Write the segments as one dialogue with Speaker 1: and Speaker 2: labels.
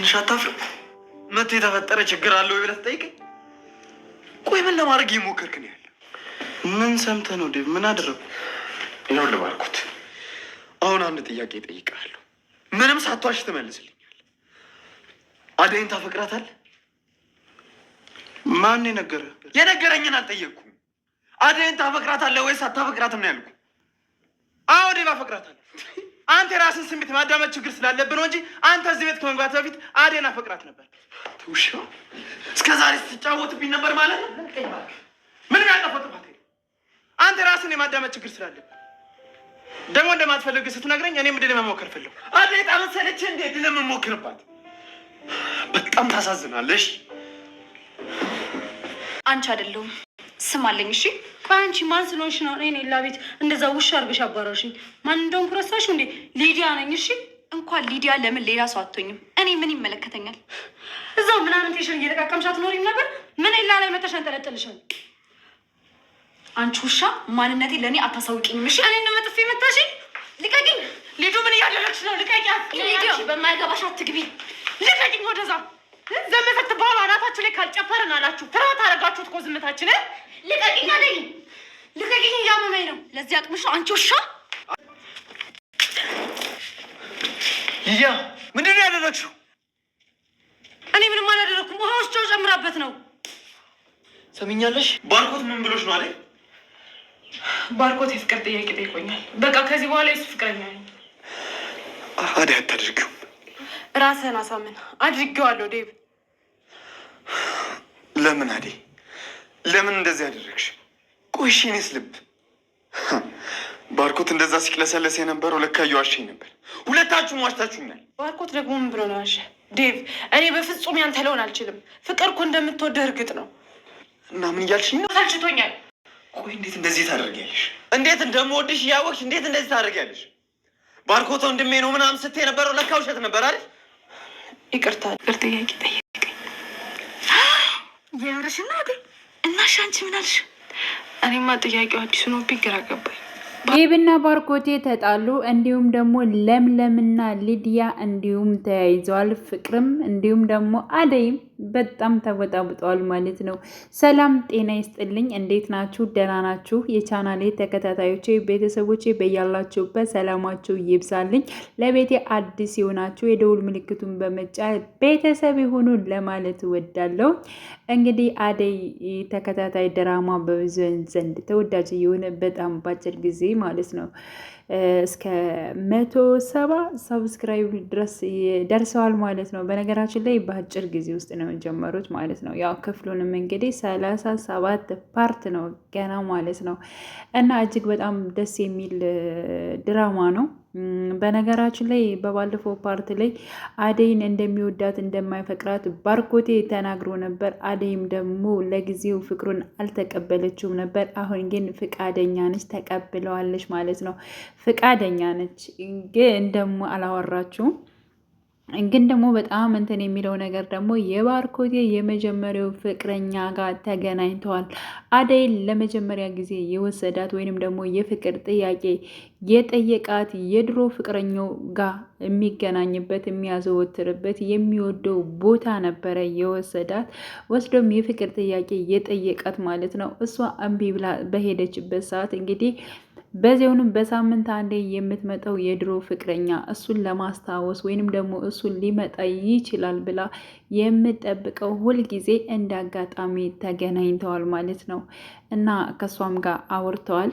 Speaker 1: ትንሽ አታፍርም? መት የተፈጠረ ችግር አለ ወይ ብለህ ትጠይቀኝ። ቆይ ምን ለማድረግ እየሞከርክ ነው ያለ?
Speaker 2: ምን ሰምተህ ነው ዴቭ? ምን አደረጉ
Speaker 1: ነው ልባልኩት። አሁን አንድ ጥያቄ እጠይቅሃለሁ፣ ምንም ሳትዋሽ ትመልስልኛለህ። አደይን ታፈቅራታለህ?
Speaker 2: ማን የነገረህ?
Speaker 1: የነገረኝን አልጠየቅኩም። አደይን ታፈቅራታለህ ወይስ አታፈቅራትም ነው ያልኩህ። አዎ ዴቭ አፈቅራታለሁ። አንተ የራስን ስሜት ማዳመጥ ችግር ስላለብን ነው እንጂ አንተ እዚህ ቤት ከመግባት በፊት አዴና ፈቅራት ነበር። ውሻ እስከ ዛሬ ስትጫወትብኝ ነበር ማለት ነው። ምንም ያጠፋው ጥፋት አንተ የራስን የማዳመጥ ችግር ስላለብን ደግሞ እንደማትፈልግ ስትነግረኝ እኔ ምድል መሞከር ፈለሁ። አዴ ጣመሰለች እንዴት ለምሞክርባት? በጣም ታሳዝናለሽ።
Speaker 3: አንቺ አይደለሁም ስማለኝ እሺ። ቆይ አንቺ ማን ስለሆንሽ ነው እኔ ሌላ ቤት እንደዛ ውሻ አድርገሽ አባረርሽኝ? ማን እንደሆንኩ ረሳሽ እንዴ? ሊዲያ ነኝ እሺ። እንኳን ሊዲያ ለምን ሌላ ሰው አትሆኝም? እኔ ምን ይመለከተኛል? እዛው ምናምን ቴሽን እየለቃቀምሻት ኖሪም ነበር። ምን ሌላ ላይ መተሽ አንጠለጥልሻል። አንቺ ውሻ ማንነቴ ለእኔ አታሳውቂኝም እሺ። እኔ መጥፌ መታሽ። ልቀቂኝ! ልጁ ምን እያደረግሽ ነው? ልቀቂያ! በማይገባሽ አትግቢ! ልቀቂኝ ወደዛ ዘመን ስትባሉ አናታችሁ ላይ ካልጨፈርን አላችሁ። ፍርሃት አደረጋችሁት እኮ ዝምታችን። ልቀቂኝ አለኝ። ልቀቂኝ እያመመኝ ነው። ለዚህ አቅምሽ አንቺ ውሻ።
Speaker 1: ያ ምንድን ነው ያደረግሽው?
Speaker 3: እኔ ምንም አላደረኩም። ውሃ ውስጥ ጨምራበት ነው።
Speaker 1: ባርኮት ምን ነው
Speaker 3: ባርኮት የፍቅር ጥያቄ ጠይቆኛል። በቃ ከዚህ በኋላ የሱ ፍቅረኛ ነኝ። አደይ ራስህን አሳምን። አድርጌዋለሁ ዴቭ
Speaker 1: ለምን አዴ ለምን እንደዚህ አደረግሽ? ቆይ ልብ ባርኮት እንደዛ ሲቅለሰለስ የነበረው ለካ እየዋሸኝ ነበር። ሁለታችሁም ዋሽታችሁኛል።
Speaker 3: ባርኮት ደግሞ ምን ብሎ ነው ዋሸ? ዴቭ እኔ በፍጹም ያንተ ልሆን አልችልም። ፍቅር እኮ እንደምትወደ እርግጥ ነው።
Speaker 1: እና ምን እያልሽኝ ነው? ሰልችቶኛል። ቆይ እንዴት እንደዚህ ታደርጊያለሽ? እንዴት እንደምወድሽ እያወቅሽ እንዴት እንደዚህ ታደርጊያለሽ? ባርኮት ወንድሜ ነው ምናምን ስትይ የነበረው ለካ ውሸት ነበር አይደል?
Speaker 3: ይቅርታ ይቅር ጥያቄ የምርሽ እናቴ? እናሽ አንቺ ምን አልሽ? እኔማ ጥያቄው አዲሱ ነው፣ ግራ ገባኝ።
Speaker 4: ዴብና ባርኮቴ ተጣሉ። እንዲሁም ደግሞ ለምለምና ሊዲያ እንዲሁም ተያይዘዋል። ፍቅርም እንዲሁም ደግሞ አደይም በጣም ተወጣብጠዋል ማለት ነው። ሰላም ጤና ይስጥልኝ። እንዴት ናችሁ? ደህና ናችሁ? የቻናሌ ተከታታዮቼ ቤተሰቦቼ በያላችሁበት ሰላማችሁ ይብዛልኝ። ለቤቴ አዲስ የሆናችሁ የደውል ምልክቱን በመጫ ቤተሰብ የሆኑ ለማለት እወዳለሁ። እንግዲህ አደይ ተከታታይ ድራማ በብዙ ዘንድ ተወዳጅ የሆነ በጣም ባጭር ጊዜ ማለት ነው እስከ መቶ ሰባ ሰብስክራይብ ድረስ ደርሰዋል ማለት ነው። በነገራችን ላይ በአጭር ጊዜ ውስጥ ነው ነው ጀመሩት ማለት ነው። ያው ክፍሉንም እንግዲህ ሰላሳ ሰባት ፓርት ነው ገና ማለት ነው እና እጅግ በጣም ደስ የሚል ድራማ ነው። በነገራችን ላይ በባለፈው ፓርት ላይ አደይን እንደሚወዳት እንደማይፈቅራት ባርኮቴ ተናግሮ ነበር። አደይም ደግሞ ለጊዜው ፍቅሩን አልተቀበለችውም ነበር። አሁን ግን ፍቃደኛ ነች፣ ተቀብለዋለች ማለት ነው። ፍቃደኛ ነች ግን ደግሞ አላወራችውም ግን ደግሞ በጣም እንትን የሚለው ነገር ደግሞ የባርኮቴ የመጀመሪያው ፍቅረኛ ጋር ተገናኝተዋል። አደይ ለመጀመሪያ ጊዜ የወሰዳት ወይንም ደግሞ የፍቅር ጥያቄ የጠየቃት የድሮ ፍቅረኛው ጋር የሚገናኝበት የሚያዘወትርበት የሚወደው ቦታ ነበረ የወሰዳት። ወስዶም የፍቅር ጥያቄ የጠየቃት ማለት ነው። እሷ እምቢ ብላ በሄደችበት ሰዓት እንግዲህ በዚያውንም በሳምንት አንዴ የምትመጣው የድሮ ፍቅረኛ እሱን ለማስታወስ ወይንም ደግሞ እሱን ሊመጣ ይችላል ብላ የምጠብቀው ሁልጊዜ እንደ አጋጣሚ ተገናኝተዋል ማለት ነው እና ከእሷም ጋር አውርተዋል።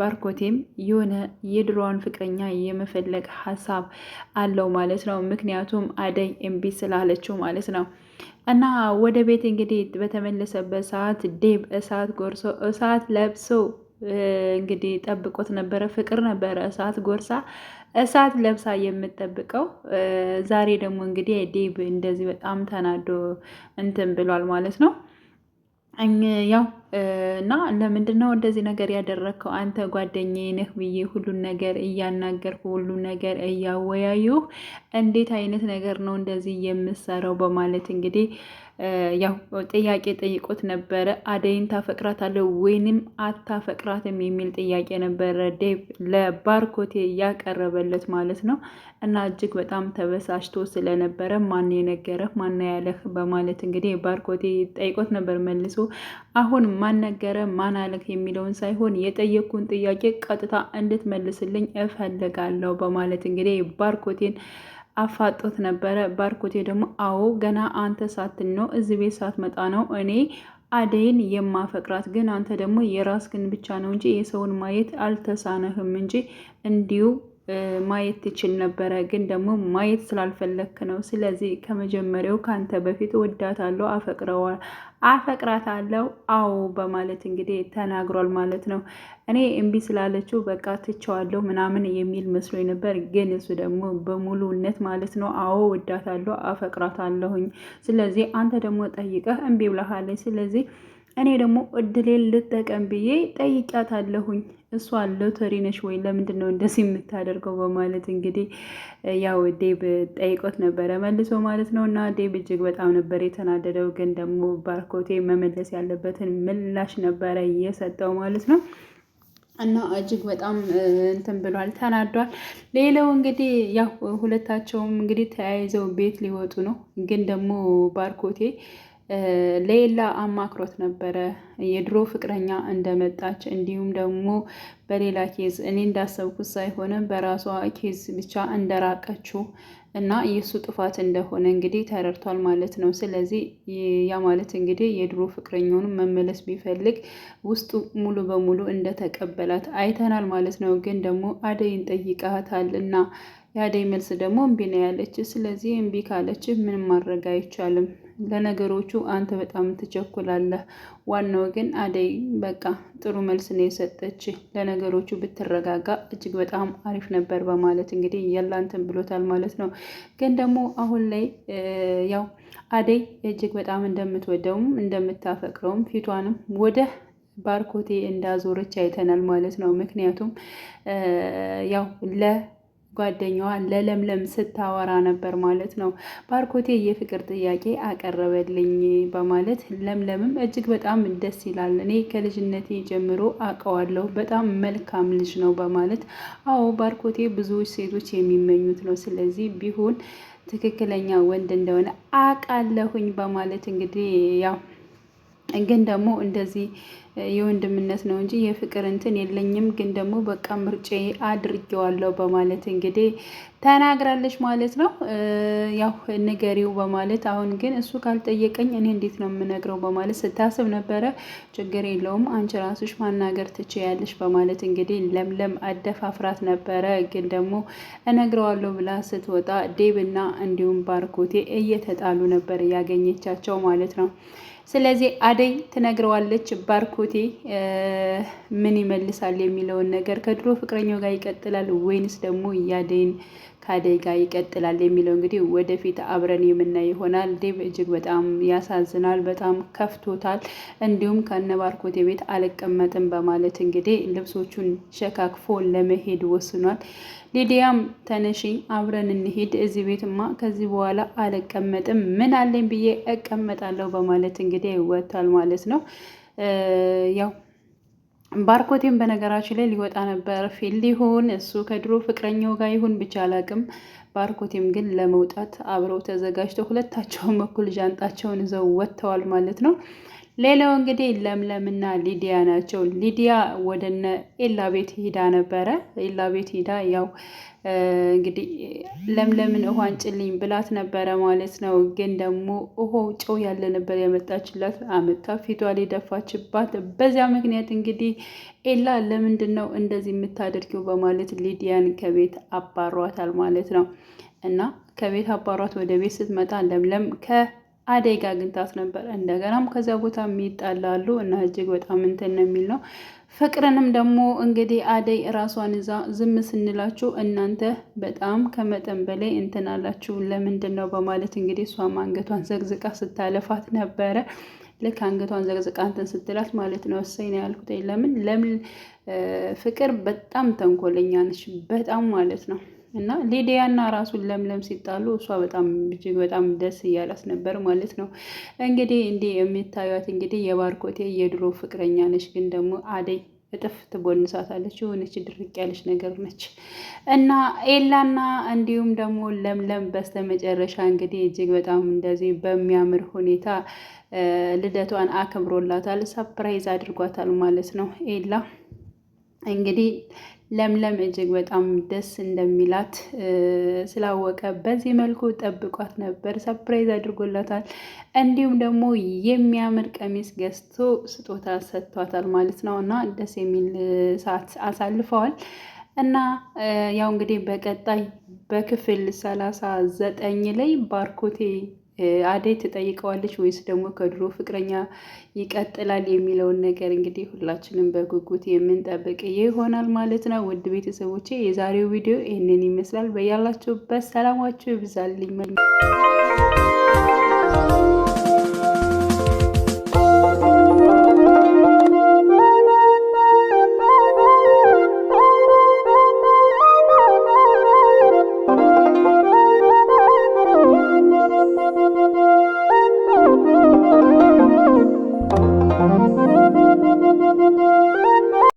Speaker 4: ባርኮቴም የሆነ የድሮዋን ፍቅረኛ የመፈለግ ሀሳብ አለው ማለት ነው። ምክንያቱም አደይ እምቢ ስላለችው ማለት ነው። እና ወደ ቤት እንግዲህ በተመለሰበት ሰዓት ዴብ እሳት ጎርሶ እሳት ለብሶ እንግዲህ ጠብቆት ነበረ። ፍቅር ነበረ እሳት ጎርሳ እሳት ለብሳ የምጠብቀው። ዛሬ ደግሞ እንግዲህ ዴብ እንደዚህ በጣም ተናዶ እንትን ብሏል ማለት ነው። ያው እና ለምንድን ነው እንደዚህ ነገር ያደረግከው? አንተ ጓደኛዬ ነህ ብዬ ሁሉን ነገር እያናገርኩ ሁሉ ነገር እያወያዩ እንዴት አይነት ነገር ነው እንደዚህ የምሰራው? በማለት እንግዲህ ያው ጥያቄ ጠይቆት ነበረ። አደይን ታፈቅራታለህ ወይንም አታፈቅራትም የሚል ጥያቄ ነበረ ዴቭ ለባርኮቴ ያቀረበለት ማለት ነው። እና እጅግ በጣም ተበሳጭቶ ስለነበረ ማን የነገረህ ማን ያለህ በማለት እንግዲህ ባርኮቴ ጠይቆት ነበር። መልሶ አሁን ማን ነገረ ማን አለህ የሚለውን ሳይሆን የጠየኩን ጥያቄ ቀጥታ እንድትመልስልኝ እፈልጋለሁ በማለት እንግዲህ ባርኮቴን አፋጦት ነበረ። ባርኮቴ ደግሞ አዎ ገና አንተ ሳትን ነው እዚህ ቤት ሳትመጣ ነው እኔ አደይን የማፈቅራት ግን አንተ ደግሞ የራስህን ብቻ ነው እንጂ የሰውን ማየት አልተሳነህም እንጂ እንዲሁ ማየት ትችል ነበረ፣ ግን ደግሞ ማየት ስላልፈለክ ነው። ስለዚህ ከመጀመሪያው ከአንተ በፊት ወዳታለሁ፣ አፈቅረዋል አፈቅራታለሁ አዎ በማለት እንግዲህ ተናግሯል ማለት ነው። እኔ እምቢ ስላለችው በቃ ትቸዋለሁ ምናምን የሚል መስሎኝ ነበር፣ ግን እሱ ደግሞ በሙሉነት ማለት ነው አዎ ወዳታለሁ፣ አፈቅራታለሁኝ። ስለዚህ አንተ ደግሞ ጠይቀህ እምቢ ብለሃለች። ስለዚህ እኔ ደግሞ እድሌን ልጠቀም ብዬ ጠይቂያታለሁኝ። እሷ ሎተሪ ነሽ ወይ ለምንድን ነው እንደዚህ የምታደርገው? በማለት እንግዲህ ያው ዴብ ጠይቆት ነበረ መልሶ ማለት ነው። እና ዴብ እጅግ በጣም ነበር የተናደደው፣ ግን ደግሞ ባርኮቴ መመለስ ያለበትን ምላሽ ነበረ እየሰጠው ማለት ነው። እና እጅግ በጣም እንትን ብሏል፣ ተናዷል። ሌላው እንግዲህ ያው ሁለታቸውም እንግዲህ ተያይዘው ቤት ሊወጡ ነው፣ ግን ደግሞ ባርኮቴ ሌላ አማክሮት ነበረ የድሮ ፍቅረኛ እንደመጣች እንዲሁም ደግሞ በሌላ ኬዝ እኔ እንዳሰብኩት ሳይሆንም በራሷ ኬዝ ብቻ እንደራቀችው እና የእሱ ጥፋት እንደሆነ እንግዲህ ተረድቷል ማለት ነው። ስለዚህ ያ ማለት እንግዲህ የድሮ ፍቅረኛውን መመለስ ቢፈልግ ውስጡ ሙሉ በሙሉ እንደተቀበላት አይተናል ማለት ነው። ግን ደግሞ አደይን ጠይቃታል እና የአደይ መልስ ደግሞ እምቢ ነው ያለች። ስለዚህ እምቢ ካለች ምንም ማድረግ አይቻልም። ለነገሮቹ አንተ በጣም ትቸኩላለህ። ዋናው ግን አደይ በቃ ጥሩ መልስ ነው የሰጠች። ለነገሮቹ ብትረጋጋ እጅግ በጣም አሪፍ ነበር በማለት እንግዲህ ያላንተን ብሎታል ማለት ነው። ግን ደግሞ አሁን ላይ ያው አደይ እጅግ በጣም እንደምትወደውም እንደምታፈቅረውም ፊቷንም ወደ ባርኮቴ እንዳዞረች አይተናል ማለት ነው። ምክንያቱም ያው ጓደኛዋ ለለምለም ስታወራ ነበር ማለት ነው። ባርኮቴ የፍቅር ጥያቄ አቀረበልኝ በማለት ለምለምም እጅግ በጣም ደስ ይላል፣ እኔ ከልጅነቴ ጀምሮ አውቀዋለሁ፣ በጣም መልካም ልጅ ነው በማለት አዎ፣ ባርኮቴ ብዙዎች ሴቶች የሚመኙት ነው፣ ስለዚህ ቢሆን ትክክለኛ ወንድ እንደሆነ አውቃለሁኝ በማለት እንግዲህ ያው ግን ደግሞ እንደዚህ የወንድምነት ነው እንጂ የፍቅር እንትን የለኝም። ግን ደግሞ በቃ ምርጬ አድርጌዋለሁ በማለት እንግዲህ ተናግራለች ማለት ነው። ያው ንገሪው በማለት አሁን ግን እሱ ካልጠየቀኝ እኔ እንዴት ነው የምነግረው በማለት ስታስብ ነበረ። ችግር የለውም አንቺ ራስሽ ማናገር ትችያለሽ በማለት እንግዲህ ለምለም አደፋፍራት ነበረ። ግን ደግሞ እነግረዋለሁ ብላ ስትወጣ ዴብና እንዲሁም ባርኮቴ እየተጣሉ ነበር ያገኘቻቸው ማለት ነው። ስለዚህ አደይ ትነግረዋለች ባርኮቴ ምን ይመልሳል የሚለውን ነገር ከድሮ ፍቅረኛው ጋር ይቀጥላል ወይንስ ደግሞ እያደይን ከአደይ ጋር ይቀጥላል የሚለው እንግዲህ ወደፊት አብረን የምናይ ይሆናል። ዴቭ እጅግ በጣም ያሳዝናል፣ በጣም ከፍቶታል። እንዲሁም ከነባርኮት ቤት አልቀመጥም በማለት እንግዲህ ልብሶቹን ሸካክፎ ለመሄድ ወስኗል። ሊዲያም ተነሺ አብረን እንሄድ እዚህ ቤትማ ከዚህ በኋላ አልቀመጥም፣ ምን አለኝ ብዬ እቀመጣለሁ በማለት እንግዲህ ወጥቷል ማለት ነው ያው ባርኮቴም በነገራችን ላይ ሊወጣ ነበር ፊል ይሁን እሱ ከድሮ ፍቅረኛው ጋር ይሁን ብቻ አላቅም። ባርኮቴም ግን ለመውጣት አብረው ተዘጋጅተው ሁለታቸውም እኩል ጃንጣቸውን ይዘው ወጥተዋል ማለት ነው። ሌላው እንግዲህ ለምለምና ሊዲያ ናቸው። ሊዲያ ወደነ ኤላ ቤት ሂዳ ነበረ። ኤላ ቤት ሂዳ ያው እንግዲህ ለምለምን ውሃን ጭልኝ ብላት ነበረ ማለት ነው። ግን ደግሞ ውሃው ጨው ያለ ነበር ያመጣችላት። አመጣ ፊቷ ሊደፋችባት በዚያ ምክንያት እንግዲህ ኤላ ለምንድን ነው እንደዚህ የምታደርጊው በማለት ሊዲያን ከቤት አባሯታል ማለት ነው። እና ከቤት አባሯት ወደ ቤት ስትመጣ ለምለም ከ አደጋ አግኝታት ነበር። እንደገናም ከዚያ ቦታ የሚጣላሉ እና እጅግ በጣም እንትን ነው የሚል ነው። ፍቅርንም ደግሞ እንግዲህ አደይ እራሷን ይዛ ዝም ስንላችሁ እናንተ በጣም ከመጠን በላይ እንትን አላችሁ ለምንድን ነው በማለት እንግዲህ እሷም አንገቷን ዘግዝቃ ስታለፋት ነበረ። ልክ አንገቷን ዘግዝቃ እንትን ስትላት ማለት ነው እሰይ ነው ያልኩት። ለምን ለምን ፍቅር በጣም ተንኮለኛ ነች፣ በጣም ማለት ነው እና ሊዲያና ራሱን ለምለም ሲጣሉ እሷ በጣም እጅግ በጣም ደስ እያላስ ነበር ማለት ነው። እንግዲህ እንዲህ የሚታዩት እንግዲህ የባርኮቴ የድሮ ፍቅረኛ ነች፣ ግን ደግሞ አደይ እጥፍ ትቦንሳታለች። የሆነች ድርቅ ያለች ነገር ነች እና ኤላና እንዲሁም ደግሞ ለምለም በስተመጨረሻ እንግዲህ እጅግ በጣም እንደዚህ በሚያምር ሁኔታ ልደቷን አክብሮላታል፣ ሰፕራይዝ አድርጓታል ማለት ነው ኤላ እንግዲህ ለምለም እጅግ በጣም ደስ እንደሚላት ስላወቀ በዚህ መልኩ ጠብቋት ነበር። ሰፕራይዝ አድርጎላታል። እንዲሁም ደግሞ የሚያምር ቀሚስ ገዝቶ ስጦታ ሰጥቷታል ማለት ነው እና ደስ የሚል ሰዓት አሳልፈዋል እና ያው እንግዲህ በቀጣይ በክፍል ሰላሳ ዘጠኝ ላይ ባርኮቴ አደይ ትጠይቀዋለች ወይስ ደግሞ ከድሮ ፍቅረኛ ይቀጥላል የሚለውን ነገር እንግዲህ ሁላችንም በጉጉት የምንጠብቅ ይሆናል ማለት ነው። ውድ ቤተሰቦቼ የዛሬው ቪዲዮ ይህንን ይመስላል። በያላችሁበት ሰላማችሁ ይብዛልኝ።